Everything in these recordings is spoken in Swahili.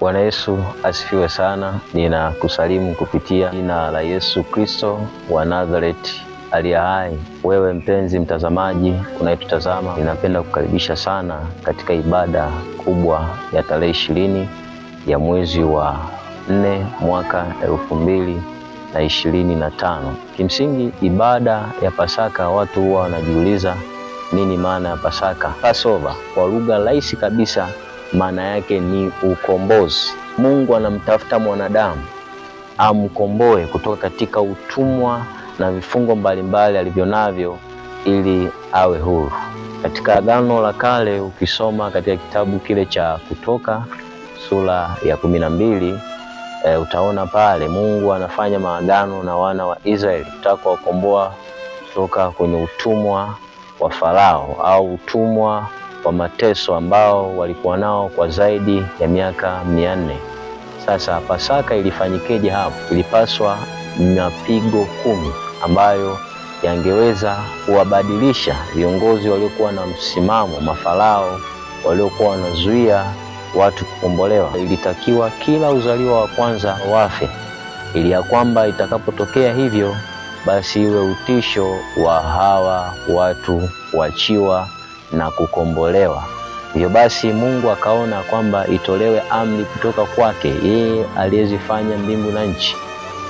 Bwana Yesu asifiwe sana. Ninakusalimu kupitia jina la Yesu Kristo wa Nazareti aliye hai. Wewe mpenzi mtazamaji unayetutazama, ninapenda kukaribisha sana katika ibada kubwa ya tarehe ishirini ya mwezi wa nne mwaka elfu mbili na ishirini na tano. Kimsingi, ibada ya Pasaka, watu huwa wanajiuliza nini maana ya Pasaka? Passover kwa lugha rahisi kabisa maana yake ni ukombozi. Mungu anamtafuta mwanadamu amkomboe kutoka katika utumwa na vifungo mbalimbali alivyonavyo ili awe huru. Katika Agano la Kale, ukisoma katika kitabu kile cha Kutoka sura ya kumi na mbili e, utaona pale Mungu anafanya maagano na wana wa Israeli kutaka kuwakomboa kutoka kwenye utumwa wa Farao au utumwa wa mateso ambao walikuwa nao kwa zaidi ya miaka mia nne. Sasa Pasaka ilifanyikeje hapo? Ilipaswa mapigo kumi ambayo yangeweza kuwabadilisha viongozi waliokuwa na msimamo, mafarao waliokuwa wanazuia watu kukombolewa. Ilitakiwa kila uzaliwa wa kwanza wafe, ili ya kwamba itakapotokea hivyo basi iwe utisho wa hawa watu kuachiwa na kukombolewa. Hivyo basi Mungu akaona kwamba itolewe amri kutoka kwake yeye aliyezifanya mbingu na nchi,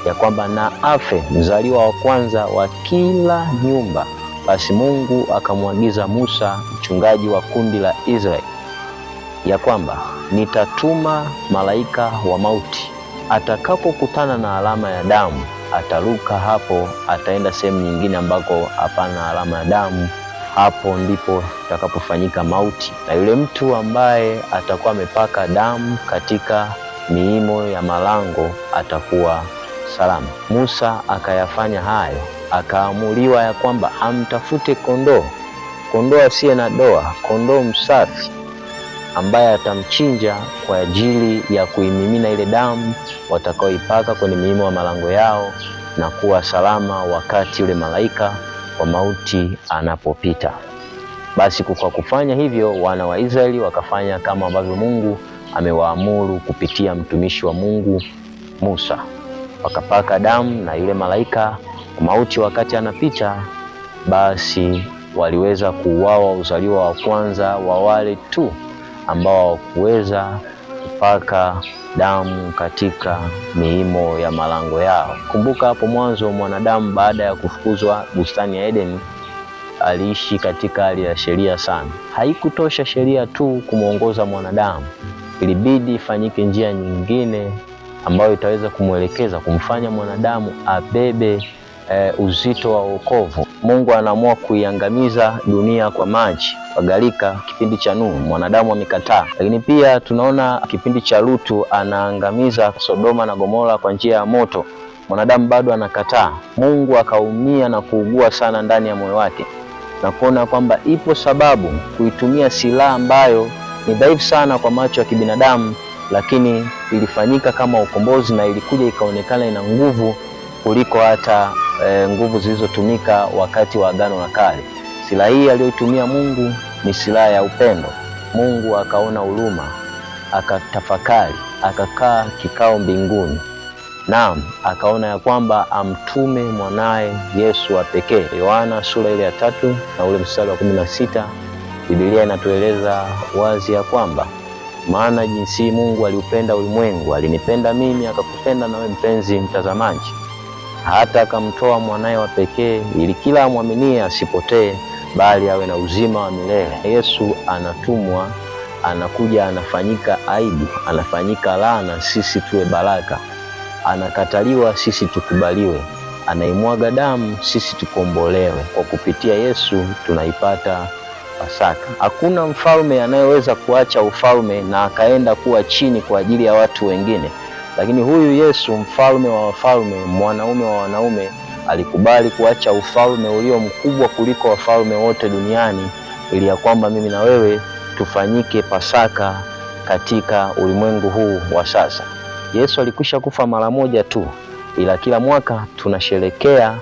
ya kwamba na afe mzaliwa wa kwanza wa kila nyumba. Basi Mungu akamwagiza Musa, mchungaji wa kundi la Israeli, ya kwamba nitatuma malaika wa mauti, atakapokutana na alama ya damu ataruka hapo, ataenda sehemu nyingine ambako hapana alama ya damu hapo ndipo itakapofanyika mauti, na yule mtu ambaye atakuwa amepaka damu katika miimo ya malango atakuwa salama. Musa akayafanya hayo, akaamuliwa ya kwamba amtafute kondoo, kondoo asiye na doa, kondoo msafi ambaye atamchinja kwa ajili ya kuimimina ile damu watakaoipaka kwenye miimo ya malango yao na kuwa salama wakati yule malaika wa mauti anapopita. Basi kwa kufanya hivyo, wana wa Israeli wakafanya kama ambavyo Mungu amewaamuru kupitia mtumishi wa Mungu Musa, wakapaka damu na yule malaika wa mauti wakati anapita, basi waliweza kuuawa uzaliwa wa kwanza wa wale tu ambao hawakuweza mpaka damu katika miimo ya malango yao. Kumbuka hapo mwanzo mwanadamu baada ya kufukuzwa bustani ya Edeni aliishi katika hali ya sheria sana. Haikutosha sheria tu kumwongoza mwanadamu, ilibidi ifanyike njia nyingine ambayo itaweza kumwelekeza kumfanya mwanadamu abebe e, uzito wa wokovu. Mungu anaamua kuiangamiza dunia kwa maji gharika kipindi cha Nuhu mwanadamu amekataa, lakini pia tunaona kipindi cha Lutu anaangamiza Sodoma na Gomora kwa njia ya moto, mwanadamu bado anakataa. Mungu akaumia na kuugua sana ndani ya moyo wake na kuona kwamba ipo sababu kuitumia silaha ambayo ni dhaifu sana kwa macho ya kibinadamu, lakini ilifanyika kama ukombozi na ilikuja ikaonekana ina nguvu kuliko hata e, nguvu zilizotumika wakati wa Agano la Kale. Silaha hii aliyoitumia Mungu ni silaha ya upendo. Mungu akaona huruma, akatafakari, akakaa kikao mbinguni, naam, akaona ya kwamba amtume mwanaye Yesu wa pekee. Yohana sura ile ya tatu na ule mstari wa kumi na sita Biblia inatueleza wazi ya kwamba maana jinsi Mungu aliupenda ulimwengu, alinipenda mimi, akakupenda nawe mpenzi mtazamaji hata akamtoa mwanaye wa pekee, ili kila amwaminie asipotee, bali awe na uzima wa milele. Yesu anatumwa, anakuja, anafanyika aibu, anafanyika laana, sisi tuwe baraka, anakataliwa, sisi tukubaliwe, anaimwaga damu, sisi tukombolewe. Kwa kupitia Yesu tunaipata Pasaka. Hakuna mfalme anayeweza kuacha ufalme na akaenda kuwa chini kwa ajili ya watu wengine. Lakini huyu Yesu, mfalme wa wafalme, mwanaume wa wanaume, alikubali kuacha ufalme ulio mkubwa kuliko wafalme wote duniani, ili ya kwamba mimi na wewe tufanyike Pasaka katika ulimwengu huu wa sasa. Yesu alikwisha kufa mara moja tu, ila kila mwaka tunasherekea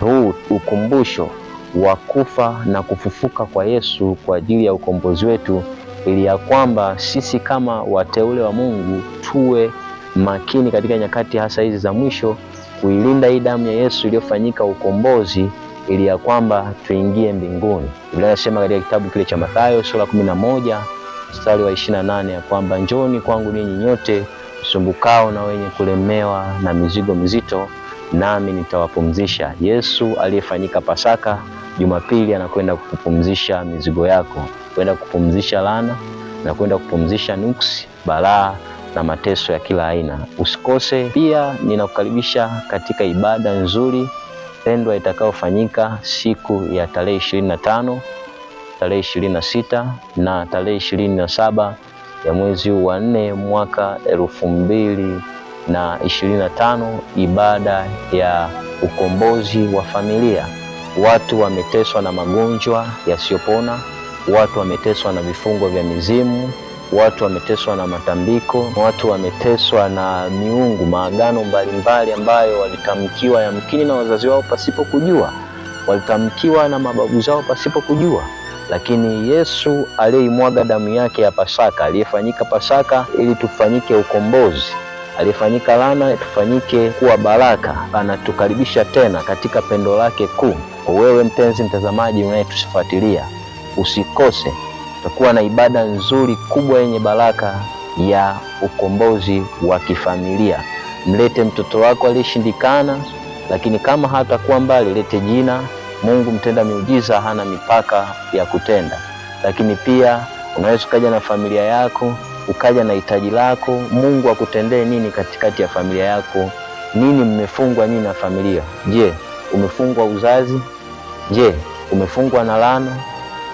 huu ukumbusho wa kufa na kufufuka kwa Yesu kwa ajili ya ukombozi wetu, ili ya kwamba sisi kama wateule wa Mungu tuwe makini katika nyakati hasa hizi za mwisho kuilinda hii damu ya Yesu iliyofanyika ukombozi ili ya kwamba tuingie mbinguni. Biblia inasema katika kitabu kile cha Mathayo sura kumi na moja mstari wa ishirini na nane ya kwamba njoni kwangu ninyi nyote msumbukao na wenye kulemewa na mizigo mizito, nami nitawapumzisha. Yesu aliyefanyika Pasaka Jumapili anakwenda kupumzisha mizigo yako, kwenda kupumzisha laana na kwenda kupumzisha nuksi, balaa na mateso ya kila aina. Usikose pia, ninakukaribisha katika ibada nzuri pendwa itakayofanyika siku ya tarehe 25, tarehe 26 na tarehe 27 ya mwezi huu wa nne mwaka elfu mbili na ishirini na tano, ibada ya ukombozi wa familia. Watu wameteswa na magonjwa yasiyopona, watu wameteswa na vifungo vya mizimu watu wameteswa na matambiko, watu wameteswa na miungu, maagano mbalimbali ambayo walitamkiwa yamkini na wazazi wao pasipo kujua, walitamkiwa na mababu zao pasipo kujua lakini Yesu aliyeimwaga damu yake ya Pasaka, aliyefanyika Pasaka ili tufanyike ukombozi, aliyefanyika laana tufanyike kuwa baraka, anatukaribisha tena katika pendo lake kuu. Wewe mpenzi mtazamaji unayetusifuatilia, usikose tutakuwa na ibada nzuri kubwa yenye baraka ya ukombozi wa kifamilia. Mlete mtoto wako aliyeshindikana, lakini kama hatakuwa mbali, lete jina. Mungu mtenda miujiza hana mipaka ya kutenda. Lakini pia unaweza ukaja na familia yako, ukaja na hitaji lako, Mungu akutendee nini katikati ya familia yako? Nini mmefungwa nini na familia? Je, umefungwa uzazi? Je, umefungwa na laana?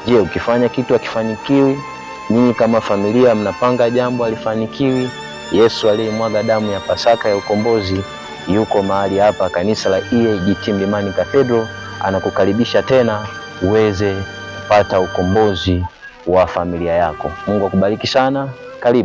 Je, ukifanya kitu akifanikiwi? Nyinyi kama familia mnapanga jambo alifanikiwi? Yesu aliyemwaga damu ya Pasaka ya ukombozi yuko mahali hapa. Kanisa la EAGT Mlimani Cathedral anakukaribisha tena uweze kupata ukombozi wa familia yako. Mungu akubariki sana. Karibu.